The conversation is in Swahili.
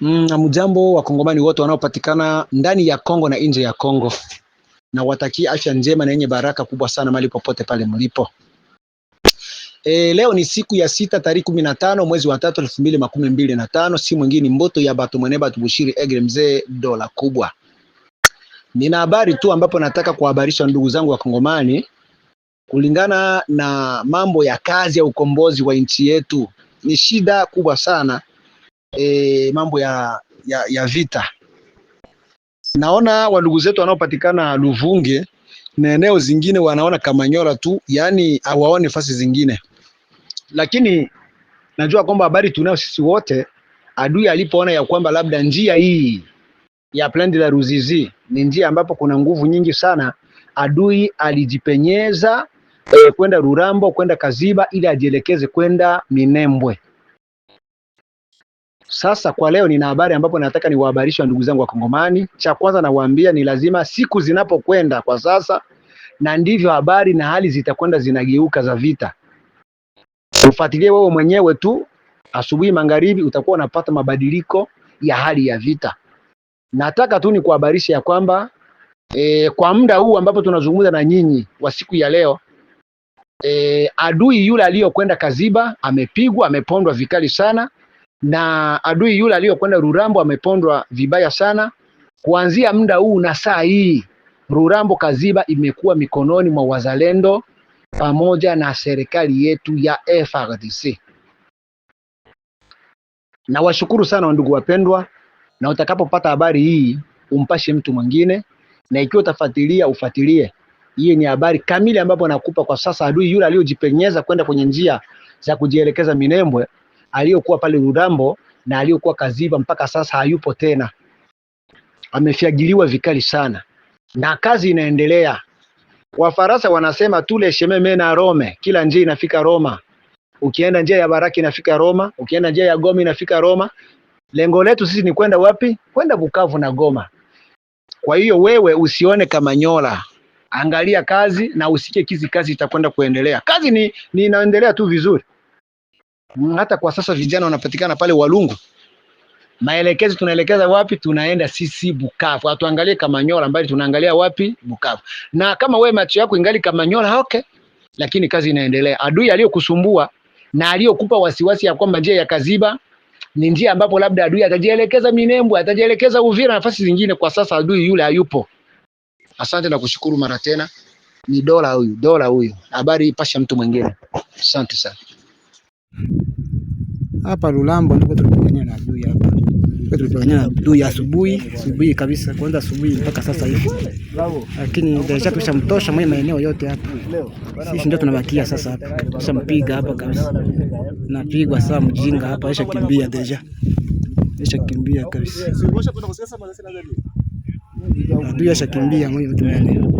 Mm, mjambo wakongomani wote wanaopatikana ndani ya Kongo na nje ya Kongo, na watakia afya njema na yenye baraka kubwa sana mali popote pale mlipo. E, leo ni siku ya sita tarehe kumi na tano mwezi wa tatu elfu mbili makumi mbili na tano si mwingine mboto ya batu mwene batu bushiri egre mzee dola kubwa. Nina habari tu ambapo nataka kuhabarisha ndugu zangu wakongomani kulingana na mambo ya kazi ya ukombozi wa nchi yetu. Ni shida kubwa sana e, mambo ya, ya, ya vita. Naona wandugu zetu wanaopatikana Luvunge na eneo zingine wanaona Kamanyola tu, yaani hawaone fasi zingine, lakini najua kwamba habari tunayo sisi wote, adui alipoona ya kwamba labda njia hii ya Plan de la Ruzizi ni njia ambapo kuna nguvu nyingi sana, adui alijipenyeza eh, kwenda Rurambo kwenda Kaziba ili ajielekeze kwenda Minembwe. Sasa kwa leo nina habari ambapo nataka niwahabarishe ndugu zangu wa Kongomani. Cha kwanza nawaambia ni lazima siku zinapokwenda kwa sasa, na ndivyo habari na hali zitakwenda zinageuka za vita. Ufuatilie wewe mwenyewe tu, asubuhi, magharibi, utakuwa unapata mabadiliko ya hali ya vita. Nataka tu ni kuhabarisha ya kwamba e, kwa muda huu ambapo tunazungumza na nyinyi wa siku ya leo e, adui yule aliyokwenda Kaziba amepigwa, amepondwa vikali sana na adui yule aliyokwenda Rurambo amepondwa vibaya sana. Kuanzia muda huu na saa hii, Rurambo Kaziba imekuwa mikononi mwa wazalendo pamoja na serikali yetu ya FARDC. Nawashukuru sana wandugu wapendwa, na utakapopata habari hii umpashe mtu mwingine, na ikiwa utafuatilia ufuatilie. Hii ni habari kamili ambapo nakupa kwa sasa. Adui yule aliyojipenyeza kwenda kwenye njia za kujielekeza Minembwe aliyokuwa pale Urambo na aliyokuwa Kaziba mpaka sasa hayupo tena, amefyagiliwa vikali sana na kazi inaendelea. Wafaransa wanasema tule shememe na Rome, kila njia inafika Roma. Ukienda njia ya Baraki inafika Roma, ukienda njia ya Goma inafika Roma. Lengo letu sisi ni kwenda wapi? Kwenda Bukavu na Goma. Kwa hiyo wewe usione nyola, angalia kazi na usikie kizi, kazi itakwenda kuendelea. Kazi ni, ni inaendelea tu vizuri. Mm, hata kwa sasa vijana wanapatikana pale Walungu. Maelekezo tunaelekeza wapi? Tunaenda sisi Bukavu, hatuangalie Kamanyola mbali, tunaangalia wapi? Bukavu. Na kama we macho yako ingali Kamanyola, okay, lakini kazi inaendelea. Adui aliyokusumbua na aliyokupa wasiwasi ya kwamba njia ya Kaziba ni njia ambapo labda adui atajielekeza Minembwe, atajielekeza Uvira, nafasi zingine, kwa sasa adui yule hayupo. Asante na kushukuru mara tena. Ni dola huyu, dola huyu, habari ipasha mtu mwingine. Asante sana. Hapa Lulambo ndipo tulipigania na adui hapa. Tulipigania na adui asubuhi, asubuhi kabisa, kwanza asubuhi mpaka sasa hivi. Lakini deja tushamtosha mwenye maeneo yote hapa. Sisi ndio tunabakia sasa hapa. Tushampiga hapa kabisa. Napigwa saa mjinga hapa, aisha kimbia deja. Aisha kimbia kabisa. Adui aisha kimbia mwenye maeneo.